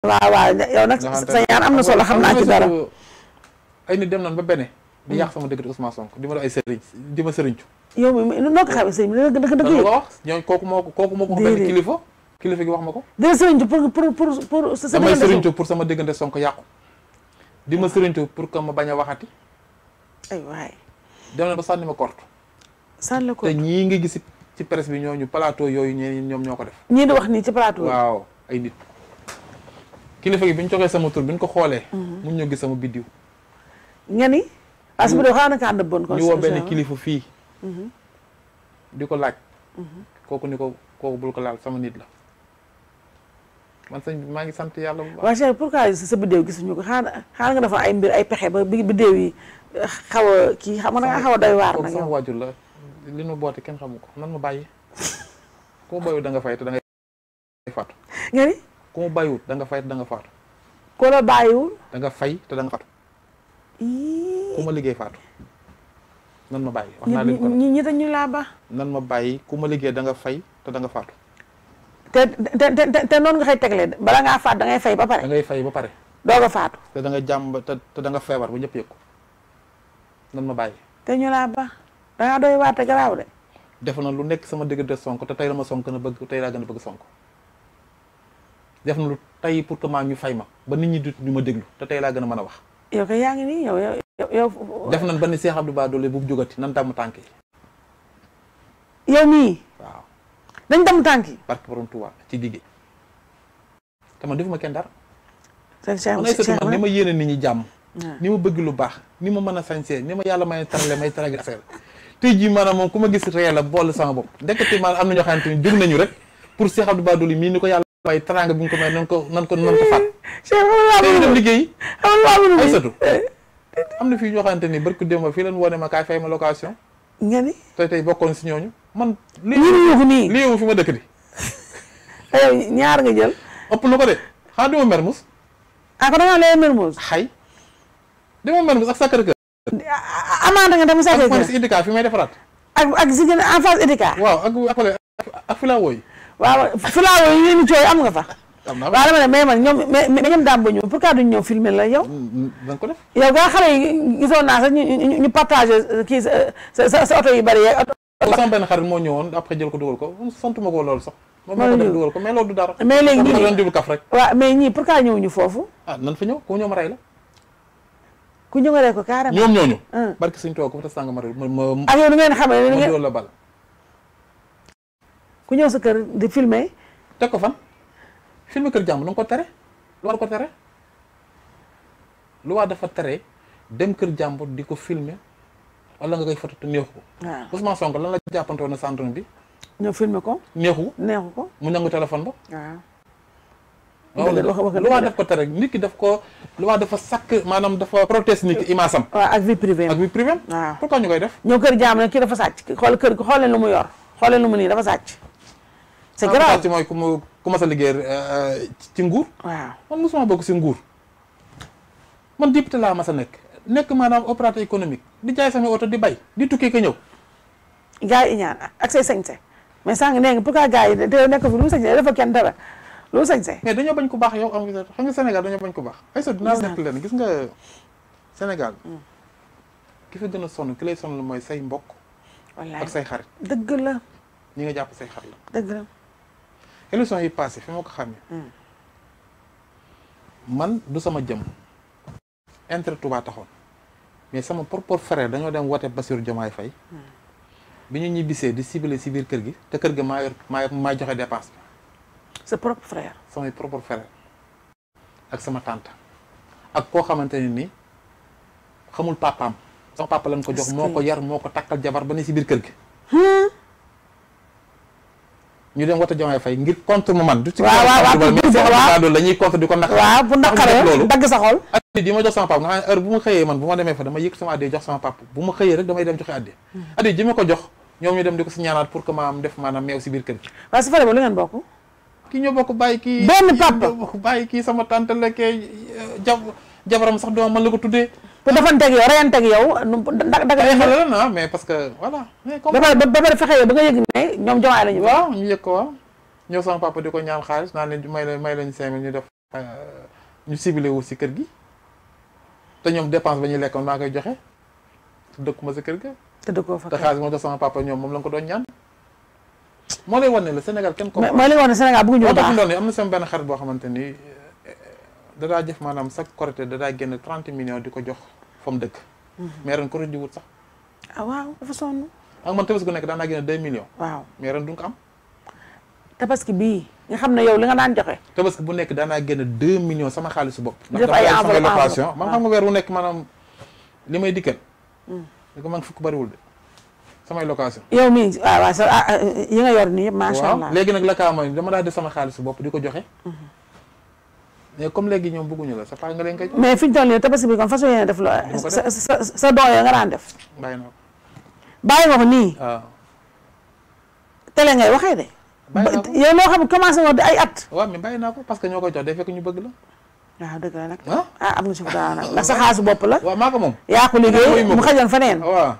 waaw waaw yow nag sa am na solo xam naa ci dara ay nit dem nañ ba bene di yàq sama dëgg Ousmane sonk di ma def ay sëriñ di ma sëriñcu yow mi noo ko xamee sëriñ bi kooku moo kooku moo kilifa kilifa wax ma ko dina sëriñcu pour pour pour pour sa damay sëriñcu pour sama diggante Sonko yàqu di ma sëriñcu pour que ma bañ a waxati ay waay dem nañ ba sànni ma korte sànni la korte te ñii ngi gis ci presse bi ñu plateau yooyu ñeen ñoom ñoo ko def ñii di wax nii ci plateau waaw ay nit kilifa gi bi ñu sama tour bi ko xolé mhm. mu ñu gis sama bidiw nga ni. as do dee xaaral nga ànd ñu wo ben kilifa fi mhm. di diko laaj. Mhm. kooku ni niko koku bul ko laal sama nit la. man señ ma ngi sante yalla bu baax. wa Cheikh pourquoi sa gis ñu ko xana xaar nga dafa ay mbir ay pexé ba bidiw yi eh, xawa ki xam nga da nga xaw a doy waar. nag yow sama waajur la li nu boote kenn xamuko nan ma bayyi ko boyu da nga fay te da ngay fat nga ni. ku ma bàyyiwut da fay da nga faatu. ku la bàyyiwul. da nga fay te da nga faatu. ku ma liggéey faatu. nan ma bàyyi wax naa leen ko ñi ñi dañu laa ba. nan ma bàyyi ku ma liggéey danga nga te da nga faatu. te te te te nga xëy tegle bala ngaa faat da ngay fay ba pare. da ngay fay ba pare. doog a faatu. te da nga jàmb te te feebar ba ñëpp yëg ko nan ma bàyyi. te ñu laa ba da ngaa doy waate garaaw de. def na lu nekk sama diggante sonk te tey la ma sonk na bëgg tey laa gën a bëgg sonk. def na lu tay pour que ma ñu fay ma ba nit ñi du ñu ma déglu te tay la gëna mëna wax. yow kay yaangi ni yow yow def na ba Cheikh Abdou Bara Dolly bu jogati nan damm tanki yow mii. waaw dañ damm tanki barke borom tuwa ci digge te man defuma ken dar sen Cheikh man ni ma yene nit ñi jàmm. Ah. ni ma bëgg lu baax ni ma mëna a ni ma yalla may tarale may tarale affaire tay ji manam mom kuma gis réel la bol sama bop ndekete maanaam am na ñoo xamante ni nañu rek pour Cheikh Abdou Bara Dolly mi ni ko yàlla waaye teraanga bu ñu ko may nan ko nan ko nan ko fàtt. Cheikh dem liggéey. am satu am na fii ñoo xamante ni barku démb fii leen woone ma kaay fay ma location. nga ni tey tey bokkoon si ñooñu man. lii yëngu nii lii yëngu fi ma dëkk di. aywa ñaar nga jël. ëpp na ko de xanaa mermus. ah kon da ngaa lay mermus. xay dama mermus ak Sacré Cœur. amaana nga dem Sacré Cœur ak man si IDCA fi may defaraat. ak ak si en face IDCA. waaw ak ak ak filaawo yi. waaw filaawo yi ñu cooy am nga fa. am na waaw dama ne mais man ñoom mais mais ñoom daam ba ñëw pourquoi duñ ñëw filmer la yow. Hmm, hmm, yow gaa xale yi gisoon naa sax ñu ñu ñu euh, kii sa sa sa oto yu bari yeeg. moo ñëwoon après jël ko dugal ko hmm, santuma ko loolu sax. ko def dugal ko mais loolu du dara. mais léegi ñii doon jublu rek. waaw mais ñii pourquoi ñëw ñu foofu. ah nan fa ñëw ku ñëw ma rey la. ku ñëw ma rey ko carrément. ñoom ñooñu. barki suñu toog ko fa te sàng ma rey ma ma. ak ah, yow nu ngeen xamee ne ku ñëw sa kër di filmer. teg ko fan filmer kër jàmbur lu ko tere lu war ko tere waa dafa tere dem kër jàmbur di ko filmer wala nga koy foto te neexu ko. waaw Ousmane Sonko lan la jàppante woon na bi. ñoo filmer ko. neexu ko ko. mu nangu téléphone ba. waaw. lu waa def ko tere ko lu waa dafa sakk maanaam dafa proteste nit euh, imaasam waaw ak vie privée ak vie privée waaw pourquoi ñu koy def ñëw kër jaam ne kii dafa sàcc xool kër gi xool leen lu mu yor xool lu mu nii dafa sàcc c'est grave ci mooy ku ma ci nguur. waaw man mosuma bokk si nguur. man député laa ma sa nekk nekk maanaam opérateur économique di jaay sama oto di bay di tukki ko ñëw. gars yi ñaan ak say sañse mais sànq nee nga pourquoi gars yi de nekk fi lu mu sañse dafa kenn dara lu mu dañoo bañ ku baax yow am nga xam nga bañ ku baax. ay so dinaa nekk leen gis nga Sénégal. Mm. ki fi gën a sonn ki lay sonn mooy say mbokk. ak say xarit. dëgg la. ñu nga jàpp say xarit la. dëgg la. élection yi passé fi moko xamé xamee man du sama jëm entre Touba taxone mais sama propre frère dañu dem wote Bassirou Diomaye fay hmm. bi ñu ñibbisee di cibler ci bir kër gi té kër gi maa yor ma joxé joxe dépense sa propre frère sama propre frère ak sama tante ak ko xamanteni ni xamul papam sama papa lañ ko jox moko yar moko takal jabar ba ni ci bir kër gi ñu dem wota Diomaye Faye ngir contre man du ci waaw waaw loolu la ñuy contre di ko naqar waaw bu naqaree sa di ma jox sama pap nga xam ne heure bu ma xëyee man bu ma demee fa dama yëkk sama addi jox sama pap bu ma xëyee rek damay dem joxe addi addi hmm. ji ko jox ñoom ñu dem di ko si ñaanaat pour ma maam def maanaam meew si biir kër gi waaw su fa demee lu ngeen bokk kii ñoo bokk bàyyi kii benn pap sama tante kee eh, jabaram sax doom man la ko tuddee pour defanteeg yow reyanteeg yow. da da mais parce que voilà. mais comme ba pare fexe yow ba nga yëg ne ñoom jomaay la ñu. waaw ñu yëg ko waaw ñëw sama papa di ko ñaan xaalis naa leen may may lañu cinq mille ñu def euh, ñu ciblé wu si kër gi te ñoom dépense ba ñuy lekkoon maa koy joxe dëkkuma si kër ga. te dëkkoo fa te xaalis moo tax sama papa ñoom moom la nga ko doon ñaan. moo lay wan ne la Sénégal kenn ko. mais moo lay wan ne Sénégal bëgguñu baax moo tax doon ne am na sama benn xarit ni dadaa jëf maanaam chaque Korité dadaa génn trente millions di ko jox fa dëkk. Mhm. mais ren Korité ji wut sax. ah waaw dafa sonn. man tabaski gu nekk daan naa génne deux millions. waaw mais ren duñ ko am. bii nga xam ne yow li nga daan joxe. tabaski bu nekk daan naa génne deux millions sama xaalis bopp. di def ay enveloppe ndax location man ah. nga weer wu nekk maanaam li may dikkal. Mm. ko man fukk bariwul de. samay location. yow mii ah, waaw ah, waaw léegi nag la kaa mooy dama daa def sama xaalisu bopp di ko joxe. Mm-hmm. mais comme léegi ñoom bëgguñu sa paa nga leen koy. mais fi ñu toll nii tabaski bi kon façon yéene sa sa sa doyo nga daan def. bàyyi bàyyi nga ko nii. waaw. Ah. télé ngay waxee de. bàyyi naa ko yow loo xam ne nga di ay at. waaw mais bàyyi ko parce que ñoo koy jox day ñu bëgg la. waaw ah, dëgg la nag. ah, ah am nga si daaw sa bopp la. waaw maa moom. yaa ko liggéey mu xajoon feneen. waaw.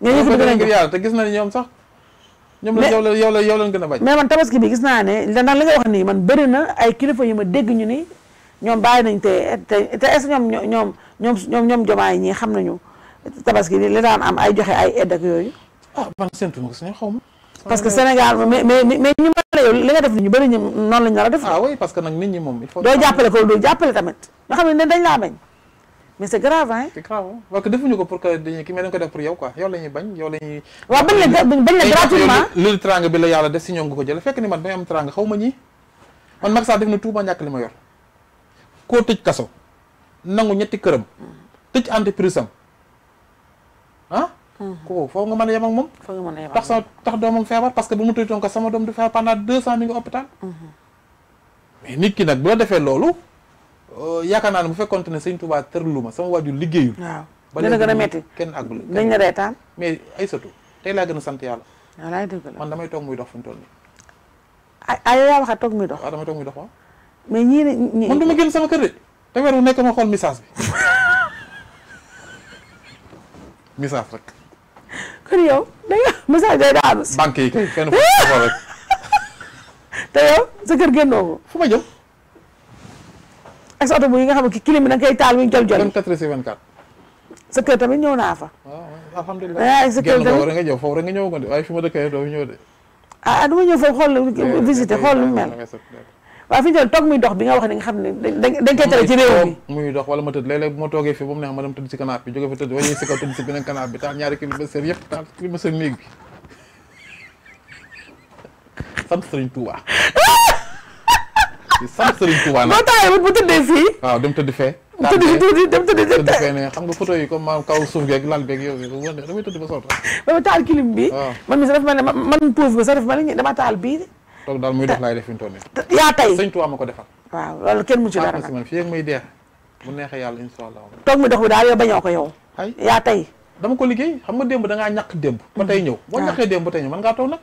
nga yëkkati beneen ngir yàlla te gis na ñoom sax. ñoom la yow la yow la yow a mais man tabaski bi gis naa ne ndax li nga wax nii man bëri na ay kilifa yu ma dégg ñu ni ñoom bàyyi nañ te te te est-ce ñoom ñoom ñoom ñoom ñoom jomaay ñii xam nañu tabaski li li daan am ay joxe ay aide ak yooyu. ah man séntu ma ko suñu xaw ma. parce que Sénégal mais mais mais ñu mën yow li nga def ni ñu bëri ñu noonu la ñu nar a def. ah oui parce que nag nit ñi moom il faut. doo jàppale ko doo jàppale tamit nga xam ne dañ laa bañ. mais c' est grave hein. c' est grave parce que defuñu ko pour que dañuy ki mais dañu ko def pour yow quoi yow la ñuy bañ yow la ñuy. waaw bañ la bañ la gratuitement loolu teraanga bi la yàlla def si ñoom nga ko jël fekk ni man damay am teraanga xaw ma ñii man Macky Sall def na tuuba ñàkk li ma yor koo tëj kaso nangu ñetti këram tëj entreprise am ah. Mm-hmm. kooku foofu nga mën a yem ak moom. a tax sama tax doomam feebar parce que bu mu tëjoon ko sama doom du feebar pendant deux cent mi ngi hôpital. Mm-hmm. mais nit ki nag bu la defee loolu euh, yaakaar naa ne bu fekkoon ne sëñ Touba tërlu ma sama waajur liggéeyul. waaw ba ne a métti kenn àggul dañ la reetaan mais ay surtout tey laa gën sant yàlla. wallaay dëgg la man damay toog muy dox fu mu toll nii. ay ay yaa a toog muy dox. waaw damay toog muy dox waaw. mais ñii ne man du ma génn sama kër de te weer nekk ma xool message bi message rek. kon yow da nga message day daanu. banque yi kay fenn fu rek. te yow sa kër génnoo ko. fu ma jëm. ak sa oto bu yi nga xam ne clim bi da nga koy taal mi jol jol. sa kër tamit ñëw naa fa. waaw alhamdulilah. waaye sa kër tamit génn foofu rek nga ñëw ko de waaye fi ma dëkkee doo ñëw de. ah du ñëw foofu xool visité xool lu mu mel. waaw fi ñu toog muy dox bi nga wax ne nga xam ne dañ koy tere ci réew mi muy dox wala ma tëdd léeg-léeg bu ma toogee fii ba mu neex ma dem tëdd si canap bi jóge fa tëdd wala si kaw fii waaw dem tëdd fee tëdd fi tuuti dem tëdd tëdd fee ne xam nga photo yi comme maanaam kaw suuf geeg lal beeg yow damay tëdd ba taal bi man mi sax ma ne man pauvre bi sax def ma taal bii toog daal muy def laay def fi mu toll nii. yaa tey sëñ Tuubaa ma ko defal. waaw loolu kenn mu ci dara nag fii ak may dee bu neexee yàlla incha allah. toog mi dox bi daal yow ba ñëw boo ñàkkee démb ngaa toog nag.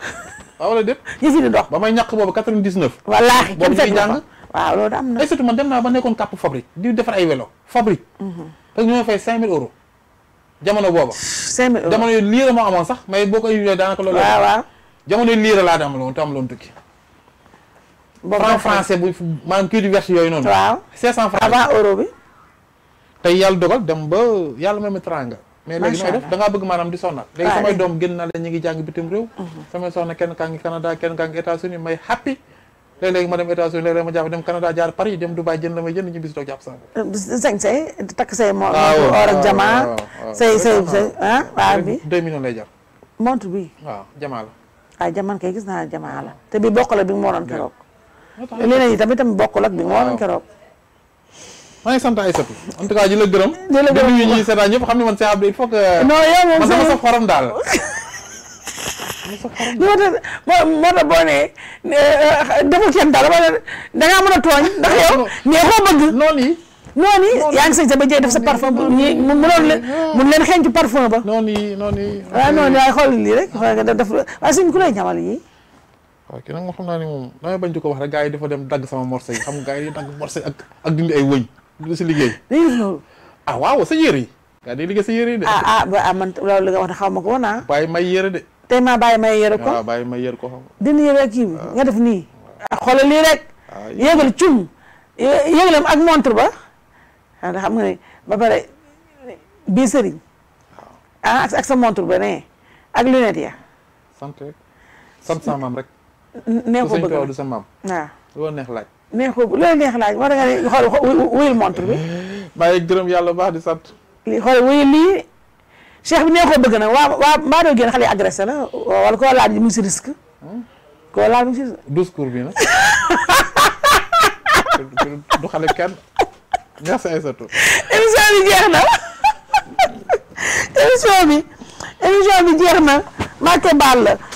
ba may ñàkk boobu 99. wallaahi kenn seetlu ko may fay booba. 5000 euros jamono yi lii sax may boo ko indee daanaka loolu. waaw waaw jamono la dam lon tam lon tukki. boobu franc français bu man ki di verte yoy non waaw 500 francs avant euro bi. tay yalla dogal dem ba yalla may tranga mais legui may def da nga bëgg manam di sonna legui samay dom genn na la ñi ngi jang bitim rew mhm. sama sonna kenn kangi Canada kenn kangi ngi États-Unis may happy. léeg-léeg ma dem États-Unis léeg-léeg ma jaf dem Canada jaar Paris dem dubai jeun la may jeun ñu bis tok jaf saa. Euh, sañ sey tak sey mo ah, or ak jama sey sey sey ah. ba bi 2 millions lay jar. montre bi waaw jama la. waaye jaman kay gis naa jamaa la te bi bokkul ak bi mu waroon keroog. leneen yi tamit tamit bokkul ak bi mu waroon keroog. maa ngi sant Aïssatou xam ne man Cheikh Abdou moo tax moo tax boo nee eh, eh, deful kenn dara da ngaa a tooñ ndax yow. nee koo bëgg noonu yi yaa ngi sañ sa ba jëy def sa parfum bu ñii mu mënoon leen mun leen xeeñ ba. noonu yi noonu yi. waaw ah, noonu yaay xool lii rek xool nga def waaye suñ ku lay ñamal yii. waaw moom xam naa ne moom damay bañ di ko wax rek gars yi dafa dem dagg sama morse yi xam nga gars yi dagg morse ak dindi ay wëñ di si liggéey. dañuy def ah waaw sa yére yi. gars yi liggéey sa yére yi de. ah ah ba ah, man loolu li nga wax ne xaw ma ko ah. de. tey maa bàyyi may yére ko. waaw ko xam nga. dindi yére kii bi nga def nii. xoolal lii rek. yéegal cum yéegalam ak montre ba ndax xam nga ne ba pare bii sëriñ. ah ak sa montre ba ne ak lunette ya. sant rek sant sa maam rek. nee bëgg du ne bi. waa waa mbaa doo génn xale yi la wala koo laaj mu si risque. koo laaj mu si risque. discours bi nag du xale kenn. merci Aïssatou émission bi jeex na émission bi émission bi jeex na Mbacké baal la